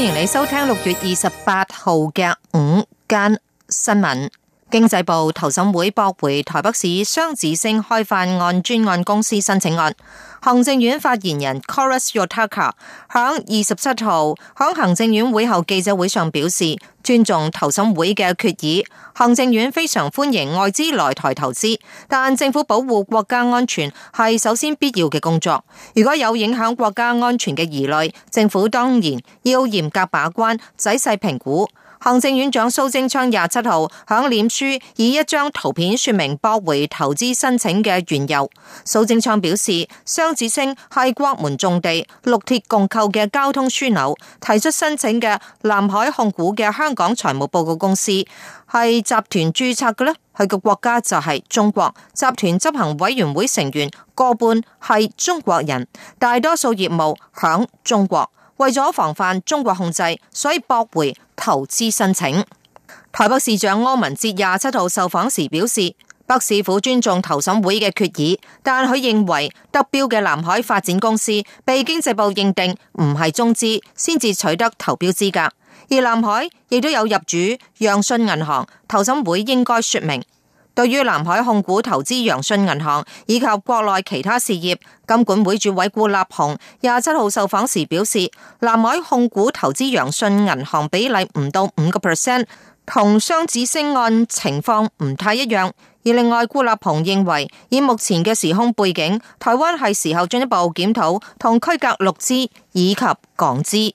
歡迎你收聽六月二十八號嘅午間新聞。經濟部投審會駁回台北市雙子星開發案專案公司申請案。行政院發言人 Kolas Yotaka 響二十七號響行政院會後記者會上表示，尊重投審會嘅決議。行政院非常歡迎外資來台投資，但政府保護國家安全係首先必要嘅工作。如果有影響國家安全嘅疑慮，政府當然要嚴格把關，仔細評估。行政院長蘇貞昌廿七號響臉書以一張圖片說明駁回投資申請嘅緣由。蘇貞昌表示，雙子星係國門重地，六鐵共構嘅交通樞紐，提出申請嘅南海控股嘅香港財務報告公司係集團註冊嘅呢，佢個國家就係中國，集團執行委員會成員過半係中國人，大多數業務響中國。為咗防範中國控制，所以駁回投資申請。台北市長柯文哲廿七號受訪時表示，北市府尊重投審會嘅決議，但佢認為得標嘅南海發展公司被經濟部認定唔係中資，先至取得投標資格，而南海亦都有入主陽信銀行，投審會應該說明。對於南海控股投資陽信銀行以及國內其他事業，金管會主委顧立雄廿七號受訪時表示，南海控股投資陽信銀行比例唔到五個 percent，同雙子星案情況唔太一樣。而另外，顧立雄認為以目前嘅時空背景，台灣係時候進一步檢討同區隔陸資以及港資。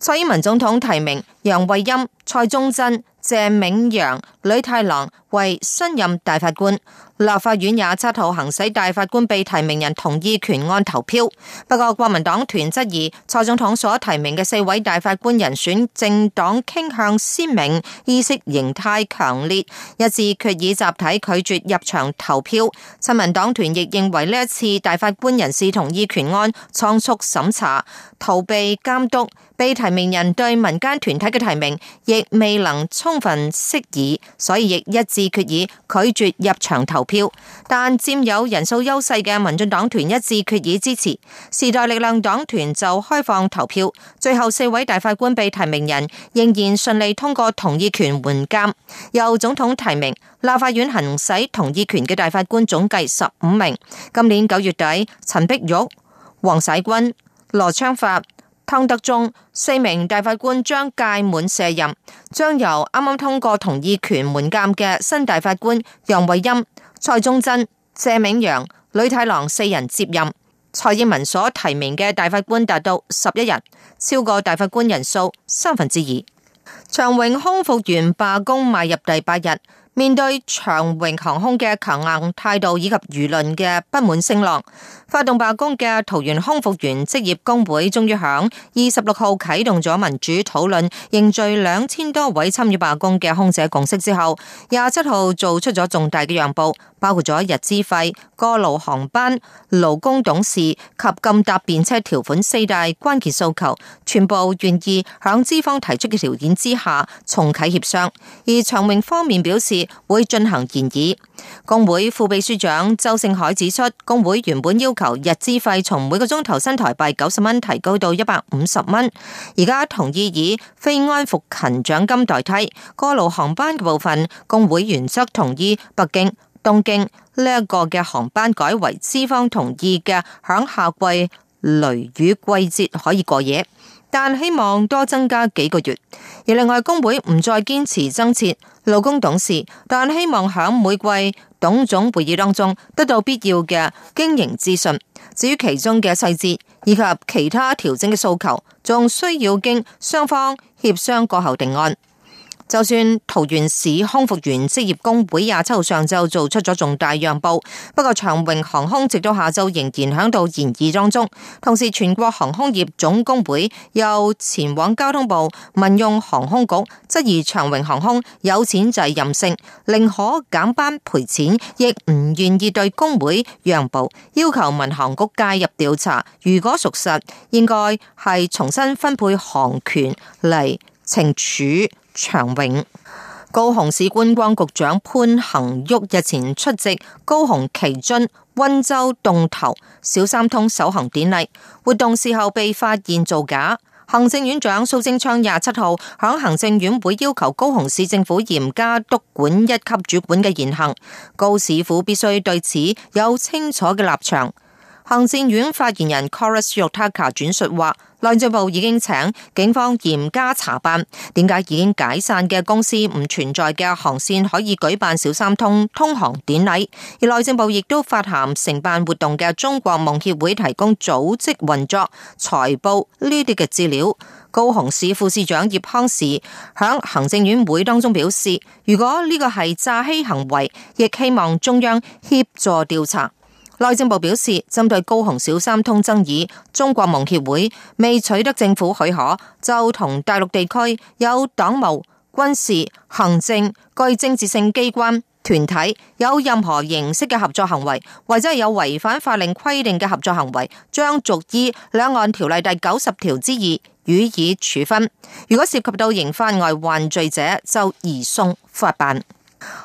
蔡英文總統提名。楊惠欽、蔡宗珍、謝銘洋、呂太郎為新任大法官，立法院廿七號行使大法官被提名人同意權案投票。不過國民黨團質疑蔡總統所提名嘅四位大法官人選政黨傾向鮮明，意識形態強烈，一致決議集體拒絕入場投票。親民黨團亦認為呢一次大法官人事同意權案倉促審查，逃避監督，被提名人對民間團體嘅提名亦未能充分釋疑，所以亦一致決議拒絕入場投票。但佔有人數優勢嘅民進黨團一致決議支持，時代力量黨團就開放投票。最後四位大法官被提名人仍然順利通過同意權緩監，由總統提名、立法院行使同意權嘅大法官總計十五名。今年九月底，陳碧玉、黃玺君、羅昌發。湯德宗四名大法官將屆滿卸任，將由啱啱通過同意權門檻嘅新大法官楊惠欽、蔡宗珍、謝銘洋、呂太郎四人接任。蔡英文所提名嘅大法官達到十一人，超過大法官人數三分之二。長榮空服員罷工邁入第八日。面對長榮航空嘅強硬態度以及輿論嘅不滿聲浪，發動罷工嘅桃園空服員職業工會終於響二十六號啟動咗民主討論，凝聚兩千多位參與罷工嘅空姐共識之後，廿七號做出咗重大嘅讓步，包括咗日資費、過勞航班、勞工董事及禁搭便車條款四大關鍵訴求，全部願意響資方提出嘅條件之下重啟協商，而長榮方面表示。會進行研議。工會副秘書長周勝海指出，工會原本要求日資費從每個鐘頭新台幣九十蚊提高到一百五十蚊，而家同意以非安服勤獎金代替。過勞航班嘅部分，工會原則同意北京、東京呢一個嘅航班改為資方同意嘅，響夏季雷雨季節可以過夜。但希望多增加幾個月，而另外工會唔再堅持增設勞工董事，但希望響每季董總會議當中得到必要嘅經營資訊。至於其中嘅細節以及其他調整嘅訴求，仲需要經雙方協商過後定案。就算桃園市空服員職業工會廿七號上晝做出咗重大讓步，不過長榮航空直到下晝仍然響度研議當中。同時，全國航空業總工會又前往交通部民用航空局，質疑長榮航空有錢就任性，寧可減班賠錢，亦唔願意對工會讓步，要求民航局介入調查。如果屬實，應該係重新分配航權嚟懲處。長永高雄市觀光局長潘恒旭日前出席高雄旗津溫州洞頭小三通首航典禮，活動事後被發現造假。行政院長蘇貞昌廿七號響行政院會要求高雄市政府嚴加督管一級主管嘅言行，高市府必須對此有清楚嘅立場。行政院發言人 Kolas Yotaka 轉述話，內政部已經請警方嚴加查辦。點解已經解散嘅公司唔存在嘅航線可以舉辦小三通通航典禮？而內政部亦都發函承辦活動嘅中國夢協會提供組織運作、財報呢啲嘅資料。高雄市副市長葉康時響行政院會當中表示，如果呢個係詐欺行為，亦希望中央協助調查。內政部表示，針對高雄小三通爭議，中國盟協會未取得政府許可，就同大陸地區有黨務、軍事、行政、具政治性機關團體有任何形式嘅合作行為，或者係有違反法令規定嘅合作行為，將依《兩岸條例》第九十條之二予以處分。如果涉及到刑法外患罪者，就移送法辦。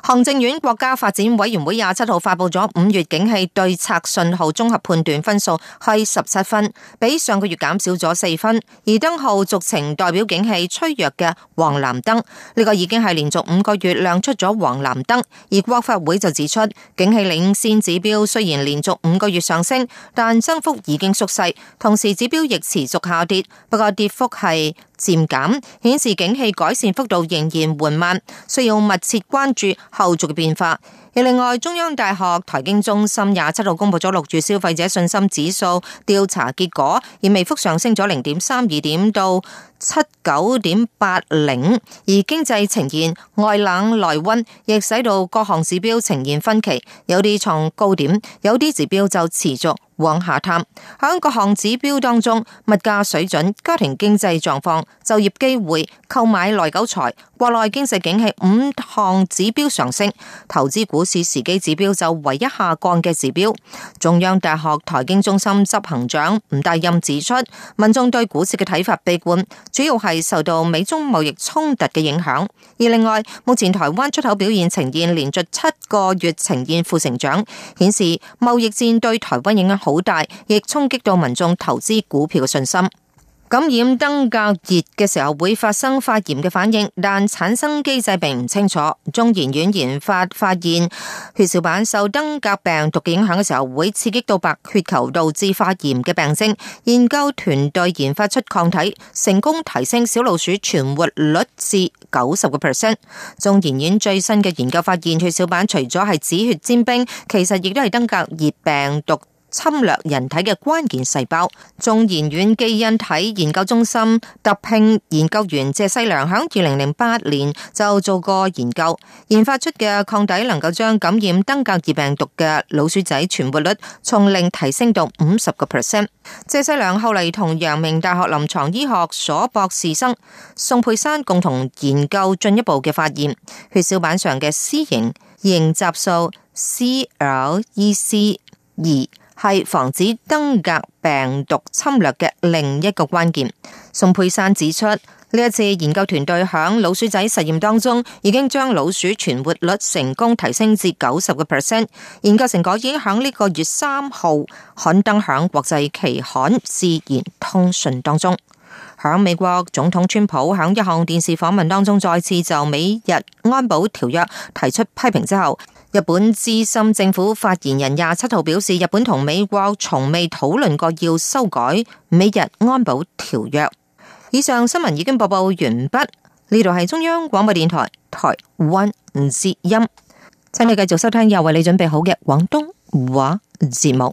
行政院國家發展委員會廿七號發佈咗五月景氣對策信號綜合判斷分數係十七分，比上個月減少咗四分。而燈號續呈代表景氣趨弱嘅黃藍燈，呢、這個已經係連續五個月亮出咗黃藍燈。而國發會就指出，景氣領先指標雖然連續五個月上升，但增幅已經縮細，同時指標亦持續下跌，不過跌幅係漸減，顯示景氣改善幅度仍然緩慢，需要密切關注後續嘅變化。而另外，中央大學台經中心廿七號公布咗六月消費者信心指數調查結果，而微幅上升咗零點三二點到七九點八零。而經濟呈現外冷內溫，亦使到各項指標呈現分歧，有啲創高點，有啲指標就持續。往下探，響各項指標當中，物價水準、家庭經濟狀況、就業機會、購買耐久財。國內經濟景氣五項指標上升，投資股市時機指標就唯一下降嘅指標。中央大學台經中心執行長吳大任指出，民眾對股市嘅睇法悲觀，主要係受到美中貿易衝突嘅影響。而另外，目前台灣出口表現呈現連續七個月呈現負成長，顯示貿易戰對台灣影響好大，亦衝擊到民眾投資股票嘅信心。感染登革熱嘅時候會發生發炎嘅反應，但產生機制並唔清楚。中研院研發發現，血小板受登革病毒影響嘅時候，會刺激到白血球，導致發炎嘅病症。研究團隊研發出抗體，成功提升小老鼠存活率至九十個 percent。中研院最新嘅研究發現，血小板除咗係止血尖兵，其實亦都係登革熱病毒。侵略人體嘅關鍵細胞，中研院基因體研究中心特聘研究員謝世良響二零零八年就做過研究，研發出嘅抗體能夠將感染登革熱病毒嘅老鼠仔存活率從零提升到五十個 percent。謝世良後嚟同陽明大學臨床醫學所博士生宋佩珊共同研究進一步嘅發現，血小板上嘅 C 型凝集素 （CLEC 二） L。E C 2, 係防止登革病毒侵略嘅另一個關鍵。宋佩山指出，呢一次研究團隊響老鼠仔實驗當中，已經將老鼠存活率成功提升至九十個 percent。研究成果已經響呢個月三號刊登響國際期刊《自然通訊》當中。喺美國總統川普喺一項電視訪問當中，再次就美日安保條約提出批評之後，日本資深政府發言人廿七號表示，日本同美國從未討論過要修改美日安保條約。以上新聞已經播報完畢，呢度係中央廣播電台台灣之音，請你繼續收聽又為你準備好嘅廣東話節目。